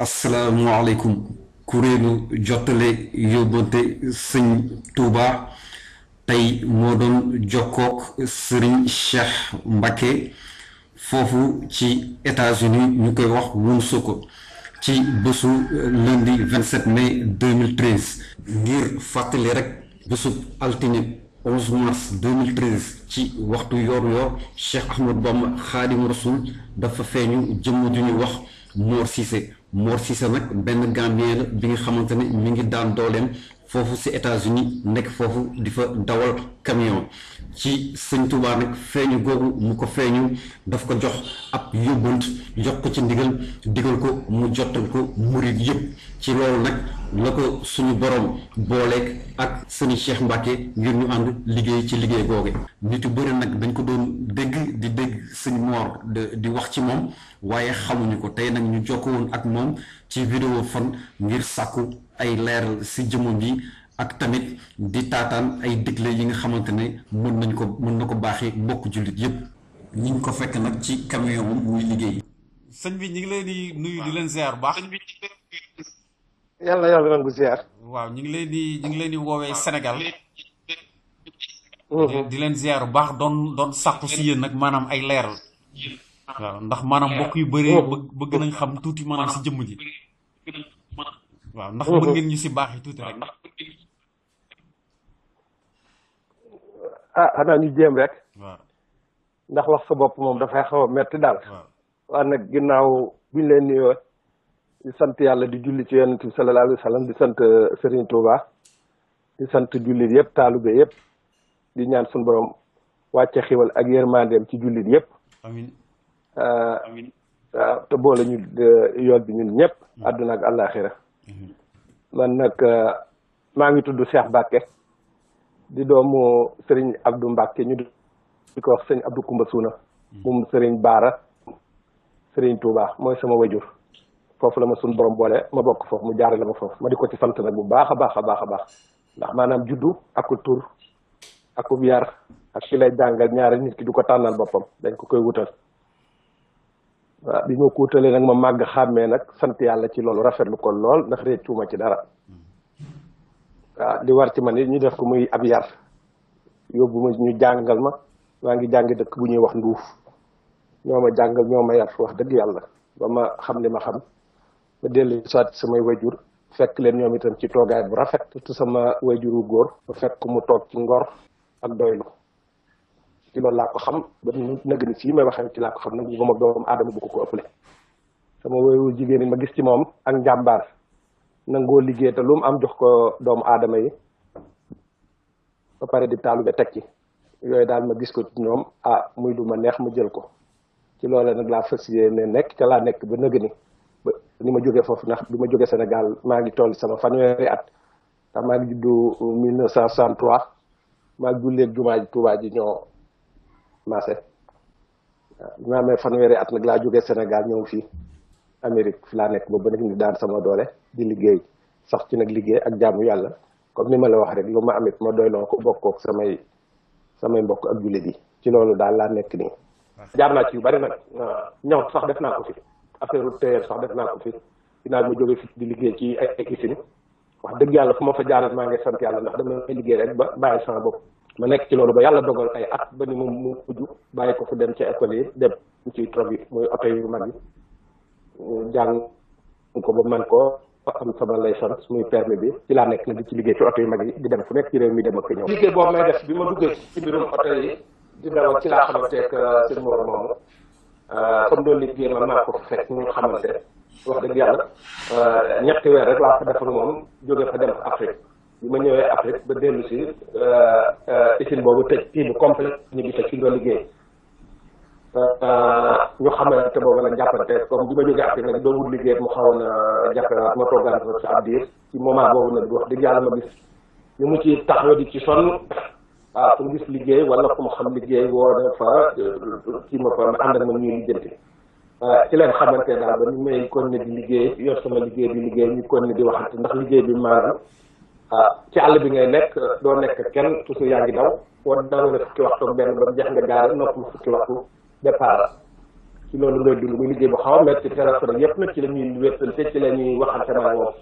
asalaamualeykum kuréelu jottale yóbbante sëñ Touba tey moo doon jokkook sëriñ Cheikh Mbacké foofu ci États-Unis ñu koy wax ko ci bésu lundi 27 ngir fàttali rek bésub altine 11 mars ci waxtu yor-yor Cheikh Ahmadou Bamba Xaadimu Rasul dafa feeñu jëmm ju ñuy wax Mor Cissé. Mor Cissé nag benn Gambien la bi nga xamante ne mi ngi daan dooleem fofu ci États-Unis nekk foofu di dawal camion ci seigne Touba nag feñu googu mu ko feñu daf ko jox ab yóbbant jox ko ci ndigal digal ko mu jottal ko murit yeb ci loolu nak lako suñu borom bolek ak sëñ Cheikh Mbacke ngir ñu and liggéey ci liggéey googe. nitu bëre nak dañ ko doon dégg di dégg sëñ Mor di wax ci mom waye xamuñu ko tay nak ñu jokkoo woon ak mom ci vidéo fon ngir sàkku ay leeral si jëmmam yi ak tamit di taataan ay digle yi nga xamante ne mën nañ ko mën na ko baaxee bokk jullit yépp ñu ngi ko fekk nag ci camion moom muy liggéey. sëñ bi ñu ngi leen di nuyu di leen ziar bu baax. yàlla waaw ñu ngi leen di ñu ngi leen di woowee Sénégal. di leen ziar bu baax doon doon sàkku si yéen nag maanaam ay leeral. waaw ndax maanaam mbokk yu bëree bëgg nañ xam tuuti maanaam si jëmm ji. waaw ndax mën ngeen si baax yi tuuti rek. ah xanaa ñu jéem rek. waaw ndax wax sa bopp moom dafay xaw a metti daal. waaw nag ginnaaw bu ñu leen nuyoo di sant yàlla di julli ci yonent bi sallallahu alayhi wa sallam di sant euh, Serigne Touba di sant jullit yëpp taalibe yëpp di ñaan suñu borom wàcce xiwal ak yërmandeem ci jullit yëpp. te boole ñu yoon bi ñun ñëpp àdduna hmm. ak àllaaxira hmm. man nag maa ngi tudd Cheikh Mbacke di doomu Serigne Abdou Mbacke ñu di ko wax sëñ Abdou Koumba Suuna moom Serigne hmm. Baara Serigne Touba mooy sama wajur foofu la ma sun borom boole ma bokk foofu mu jaarale ma foofu ma di ko ci sant nag bu baax a baax a baax a baax ndax maanaam juddu aku tur akub yar ak ki lay jàngal ñaari nit ki du ko tànnal boppam dañ ko koy wutal bi mo ko tale nak ma mag xamé nak sant yalla ci lolu rafetlu ko lol ndax réccuma ci dara di war ci man ñu def ko muy ab yar yobbu ma ñu jangal ma ma ngi jang dekk bu ñuy wax nduuf ñoma jangal ñoma yar wax deug yalla ba ma xam li ma xam ba delu sat sama wajur fekk len ñom itam ci togaay bu rafet tu sama wajuru gor, fekk mu tok ci ngor ak doylu ci lool la ko xam ba neug ni ci may waxe ci la ko xam nag bu ma doomu aadama bu ko ko ëppale sama woyu jigéen ma gis ci mom ak njàmbaar nangoo liggéey ta lu am jox ko doom adam yi ba paré di talu be tekki yoy daal ma gis ko ci ñoom ah muy lu ma neex ma jël ko ci loolé nak la fassiyé né nek ci la nek ba neug ni ni ma joggé fofu nak bima joggé Sénégal ma ngi toll sama fanwéri at ta ma ngi juddu 1963 ma ngi djumaaji touba ji ñoo maase waaw bi ma amee fanweeri at nag laa jógee Sénégal ñëw fii Amérique fi laa nekk ba ba nag ni daan sama doole di liggéey sax ci nag ak jaamu yàlla comme ni ma la wax rek lu ma amit ma doyloo ko bokkook samay samay mbokk ak jullit yi ci loolu daal laa nekk nii. jaar naa ci yu bari nag ñaw sax def naa ko fi affaire teer sax def naa ko fi ginnaaw ma jógee fi di liggéey ci ay ay wax dëgg yàlla fu ma fa jaarat maa ngi sant yàlla ndax dama liggéey rek ba bàyyi sama bopp ma nekk ci loolu ba yàlla dogal ay at ba ni moom mu mujj bàyyi ko fu dem ci école yi dem ci trop yi muy oto yu mag yi jàng ko ba man ko am sama licence muy permis bi ci laa nekk na di ci liggéey ci oto yu mag yi di dem fu nekk ci réew mi dem ak ñëw liggéey boobu may def bi ma duggee ci mbirum oto yi di daw ci laa xamanteeg seen morom moomu euh, comme doon liggéey ma ko fekk ñu xamante wax dëgg yàlla euh, ñetti weer rek laa fa defal moom jóge fa dem Afrique bi ma ñëwee Afrique ba dellu si euh, usine boobu te kii bi complet ñu ngi tëj fi ñu doon liggéey ñu euh, xamante boobu nag jàppante comme bi ma jógee Afrique nag doo liggéey mu xawoon euh, jàppewaat ma toogaan fa ab diir ci moment boobu nag wax dëgg yàlla ma gis ñu mu ci taxaw di ci sonn waaw ah, fu gis liggéey wala fu mu xam liggéey woo na fa euh, kii ma fa ma ànd ak moom ñuy lijjanti ci leen xamante daal ba ñu may kon ne di liggéey yor sama liggéey bi liggéey ñu kon ne di waxante ndax liggéey bi maanaam Ah, ci àll bi ngay nekk doo nekk kenn toujours yaa ngi daw boo daw na fukki waxtu ak benn ba jeex nga gaare noppalu fukki waxtu départ ci loolu ngay dund muy liggéey bu xaw a métti ci terrasse yëpp na ci la ñuy wéttante ci la ñuy waxante maag moom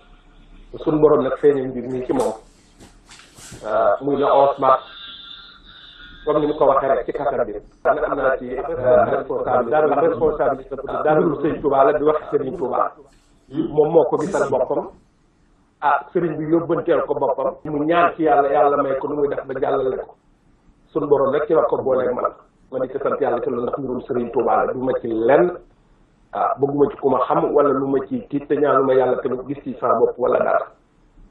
suñ borom nag feeñal mbir nii ci moom ah, muy le onze mars comme ni mu ko waxee rek ci kattan bi dana am naa ci ah, responsable daal la responsabilité daal lu sëñ di wax sëriñ Touba moom moo ko gisal boppam ah sëriñ bi yóbbanteel ko boppam mu ñaan ci yàlla yàlla may ko nu muy def ba jàllale ko suñ borom rek ci la ko boolee man ma di ko sant yàlla ci ma ci lenn ah bëgguma ci ku ma xam wala lu ma ci tiit te ñaanuma yàlla tamit gis ci saa bopp wala dara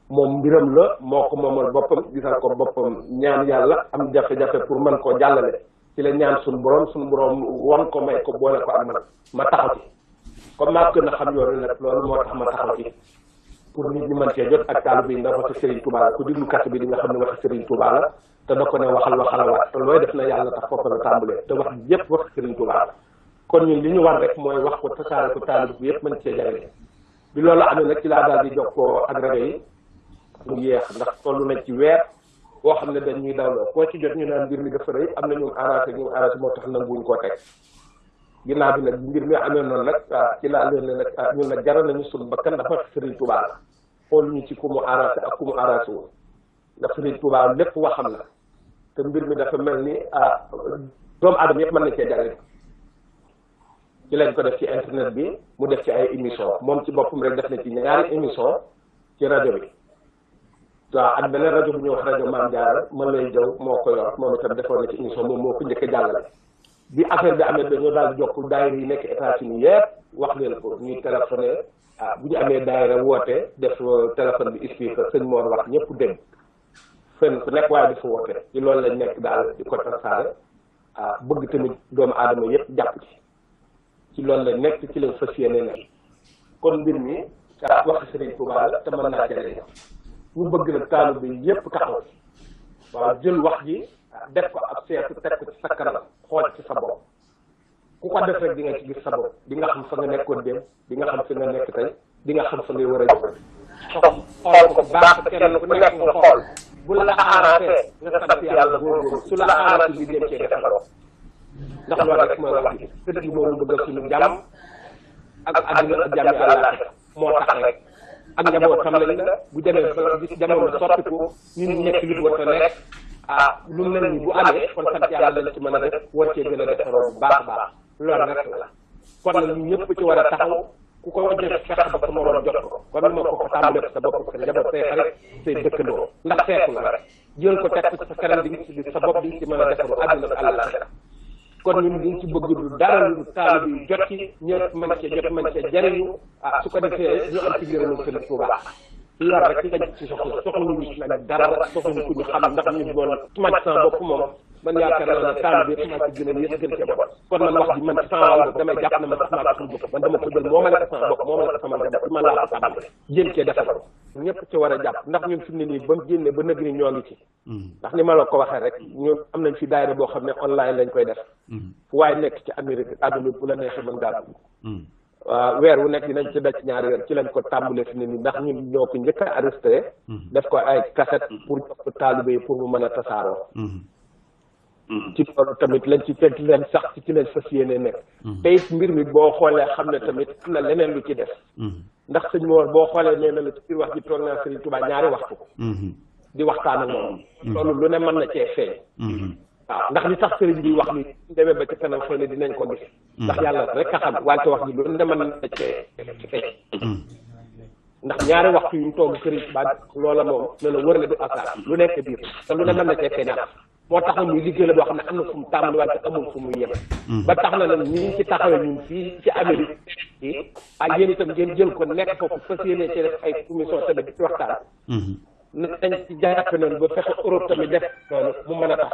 moom mbiram la moo ko moomal boppam gisal ko boppam ñaan yàlla am jafe-jafe pour mën koo jàllale ci la ñaan suñu borom suñu borom wan ko may ko boole ko ak ma taxaw ci comme maa gën a xam yoonu nag loolu moo tax ma taxaw pour nit ñi mën cee jot ak taalibe yi ndax waxi Serigne Touba la ku bi nga xam ne waxi Serigne Touba te da ko ne waxal waxalawaat te looy def na yàlla tax foofa la tàmbalee te wax yépp waxi Serigne Touba kon ñun li ñu war rek mooy wax ko tasaare ko taalibe bi yépp mën cee jariñ bi loolu amee nag ci laa daal di jokkoo ak rajo yi mu yéex ndax toll nañ ci weer boo xam ne dañuy dawloo koo ci jot ñu naan mbir mi dafa rëy am na ñu arrangé ñu arrangé moo tax nanguwuñ koo teg ginnaaw bi nag mbir mi amee noonu nag ah, ci laa leen ne nag ah, ñun nag jaral nañu suñu bakkan dafa Serigne Touba la xool ñu ci ku mu arrangé ak ku mu arrangé woon ndax Sëriñ Tuubaa lépp waxam la te mbir mi dafa mel ni ah, doomu aadama yëpp mën nañ cee jàngee ci lañ ko def ci internet bi mu def ci ay émission moom ci boppam rek def na ci ñaari émission ci rajo bi waaw ak beneen rajo bu ñuy wax rajo man Jaara mën lay jaw moo ko yor moom itam defoon na ci émission moom moo ko njëkk a bi affaire bi amee dañoo daal jokk daayir yi nekk États-Unis yëpp wax leen ko ñuy ah bu ñu amee daayira woote def euh, téléphone bi expliquer sëñ Mor wax ñëpp dégg fenn fu nekk waaye di fa ci lool lañ nekk daal di ko tasaare ah bëgg tamit doomu aadama yëpp jàpp ci ci loolu lañ nekk ci lañ fas kon mbir mi ah waxi sëriñ Tuubaa la te mën naa jëlee ñu bëgg nag taalu bi yëpp taxaw waaw jël wax ji def ko ab seetu teg ko sakkanam ko def rek di nga ci gis sa bopp di nga xam fa nga nekkoon dem di nga xam fi nga nekk tey di nga xam fa ngay war a jëm. xool ko baax kenn ku nekk nga xool. bu la arrangé nga sant yàlla góorgóorlu su la arrangé bi dem cee defaroo. ndax loolu rek mooy wax ji sëriñ bi moom bëgg suñu jàmm ak àdduna ak jàmmi àllaa moo tax rek. ak njabootam lañ la bu demee ba jamono soppiku ñun nekk li war a nekk ah lu mel ni bu amee kon sant yàlla lañ ci mën a def war cee gën a defaroo bu baax a baax. loolu nag la kon nag ñu ñëpp ci war a taxaw ku ko def fexe ba sa moroom jot ko comme ni ma ko ko tàmbalee sa bopp sa njaboot say xarit say dëkkandoo ndax seetu la rek jël ko teg ko sa kanam di nga ci sa bopp di nga ci mën a defaru àdduna ak àllaxira kon ñun ñu ngi ci bëgg lu dara lu taal bi jot ci ñëpp mën cee jot mën cee jariñu ah su ko defee ñu am ci ngërëmu sëriñ Tuubaa loolu rek lañ ci soxla soxla ñu ci lañ dara soxla ku ñu xam ndax ñu bon man sama bopp moom man yaakaar naa ne taal bi a man damay jàpp ne man sax naa ko la ko sans ma la ko man laa ko tàmbale jéem cee defar ñëpp ci war a jàpp ndax ñun fi ne nii ba mu génnee ba nëg ni ñoo ngi ci ndax ni ma la ko waxee rek ñun am nañ fi daayira boo xam ne online lañ koy def fu waaye nekk ci Amérique àdduna bu la neexee mën ngaa waaw weer wu nekk dinañ ci daj ñaar yoon ci lañ ko tàmbalee fi ne nii ndax ñun ñoo ko njëkk a arrêté mm-hmm. def ko ay cassette pour jox ko taalibe pour mu mën a tasaaroo mm-hmm. Mm-hmm. ci loolu tamit lañ ci fekk leen sax ci ci lañ fas yéene nekk. Mm-hmm. te mbir mi boo xoolee xam ne tamit am na leneen lu ci def. Mm-hmm. ndax sëñ Mor boo xoolee nee na la ci biir wax ji toog naa Serigne Touba ñaari waxtu. di waxtaan ak moom. loolu lu ne mën na cee feeñ. ndax li tax sëriñ bi wax ni demee ba ci kanam dinañ ko gis. ndax yàlla rek a xam wante wax ji lu ne mën na cee feeñ. ndax ñaari waxtu yu mu toog sëriñ Touba loola moom nee na wër la du asaar lu nekk biir te lu ne mën na cee feeñaat. moo tax muy liggéey la boo xam ne am na fu mu tàmbali wante mm. na nag ñu ngi ci taxawee ñun fii ci Amérique yi ak yéen itam ngeen jël ko nekk foofu fas yéene ci def ay commission tamit di ci waxtaan. Mm-hmm. nañ ci jàpp noonu ba fexe Europe tamit def noonu mu mën a tax.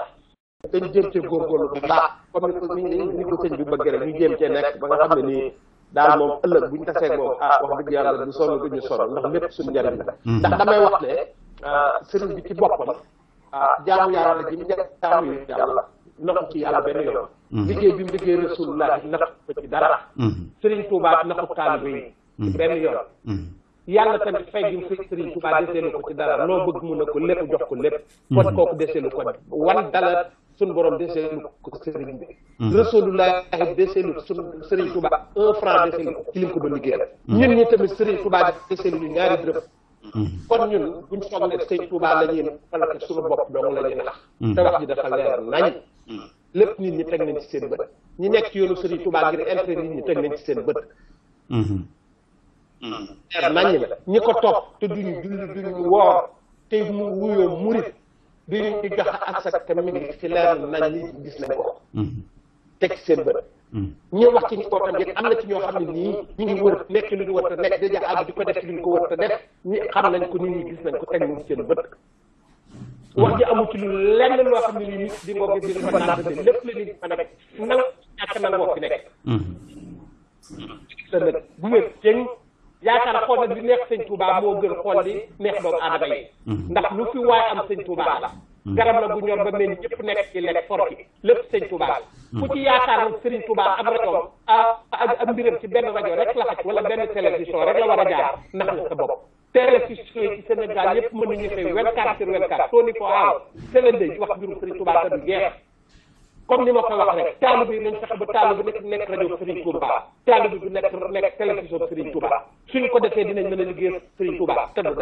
dañ jéem cee góorgóorlu bu baax comme ni ko ni ko sëñ bi bëgg rek ñu jéem cee nekk ba nga xam ne nii daal moom ëllëg bu ñu tasee moom ah wax dëgg yàlla du sonn du ñu sonn ndax lépp suñu njëriñ la. Mm-hmm. ndax damay wax ne ah, sëriñ bi ci boppam. Ah, jaamu yàlla la ji mu jaamu yàlla naxu ci yàlla benn yoon. Mm-hmm. Mm-hmm. liggéey bi mu liggéey rasulullah naxu ko ci dara. Mm-hmm. Serigne Touba naxu taalibe yi. benn yoon. yàlla tamit fay gi mu fay Serigne Touba deseelu ko ci dara loo bëgg mun na ko lépp jox ko lépp. kon kooku deseelu ko wan dala suñ borom deseelu ko Serigne bi. rasulullah deseelu suñ Serigne Touba un franc deseelu ko ci lim ko doon liggéeyal. ñun ñi tamit Serigne Touba deseelu ñu ñaari dërëm. Mm-hmm. kon ñun buñ foog ne sëñ Touba la ñuy falak suñu bopp dong la ñuy nax mm-hmm. te wax ji dafa leer nañ mm-hmm. lépp nit ñi teg nañ ci seen bët ñi nekk yoonu sëriñ Touba ngir intérêt nit ñi teg nañ ci seen bët leer nañ ñi ko topp te duñu julli duñu woor te mu wuyoo murit duñu di jox ak sa te mi ngi fi leer nañ ñi gis nañ ko teg ci seen bët ñu wax ci njabootam yëpp am na ci ñoo xam ne nii ñu ngi wër nekk lu ñu war a nekk dèjà di ko def ci lu ñu ko war a def ñi xam nañ gis nañ ko teg nañ seen bët. wax ji amul loo xam ne nii di nga ko gis di nga ko naan la nit nangu fi nekk. te nag bu wér ceeñ yaakaar xool nag di neex sëñ Touba moo gën xool di neex doomu aadama yi. ndax lu fi waay am sëñ Touba la. Mm. garab la bu ñor ba mel ni ñëpp nekk ci lekk for lépp sëñ Touba mm. ku ci yaakaaroon Serigne Touba am rajoom a ah, am ah, mbiram ci benn rajo rek la xaj wala benn télévision rek la war a jaar nax la sa bopp télévision yi ci Sénégal yëpp mën nañu xëy 24 sur 24 24 hours 7 days wax mbirum taalu bi nekk nekk rajo Serigne du nekk nekk télévision Serigne Touba suñ ko defee dinañ mën a liggéey Serigne Touba te du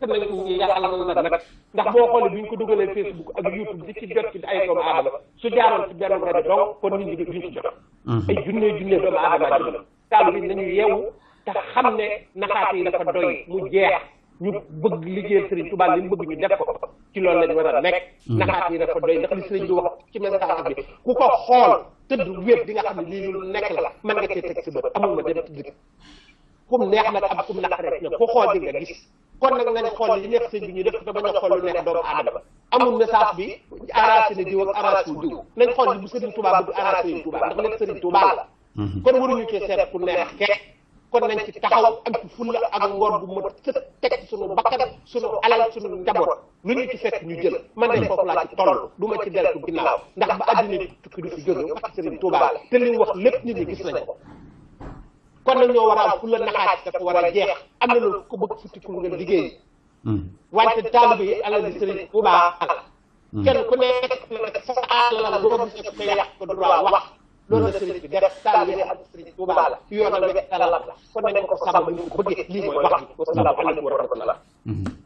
na yàlla na nag nag ndax boo xoolee bu ñu ko dugalee Facebook ak YouTube di ci jot ci ay doomu aadama su jaaroon ci benn rajo donc kon nit ñi duñ ci jot mhm. ay junnee junnee doomu aadama di taal bi nañu yeewu te xam ne naxaate yi dafa doy mu jeex ñu bëgg liggéeyal Serigne Touba li mu bëgg ñu def ko ci loolu lañ war a nekk mhm. naxaat yi dafa doy ndax li Serigne bi wax ci message bi ku ko xool tëdd wéet di xam ne lii lu nekk la mën nga cee teg si bët amul ma dem tëdd kum neex nag am kum naqaree na ku xool di nga gis kon nag nañ xool li nekk sëñ bi ñu def te bañ a xool lu nekk doomu aadama amul message bi arrangé na diw ak arrangé diw nañ xool li bu sëriñ Touba bëgg arrangé wu sëriñ Touba la mhm. ak ci fulla ak ngor bu mat sëkk teg suñu bakkan suñu alal suñu njaboot lu ñu ci fekk ñu jël man de foofu laa ci toll du ma ci deltu ginnaaw ndax ba àddina tukki du fi jóge parce que sëriñ Touba te li wax lépp nit ñu gis nañ ko kon nag ñoo war a am fu la naxaat dafa war a jeex am na loolu ku bëgg futti pour nga liggéey hmm. wante taalibe yi alal di sëriñ bu kenn ku nekk nag sa alal boo gisee ko yàq wax loolu la sëriñ bi def taalibe yi ak sëriñ bu baax la yoonal wet alal la kon nañ ko sàmm ni ko bëggee lii mooy wax bi wasalaamaaleykum wa rahmatullah hmm.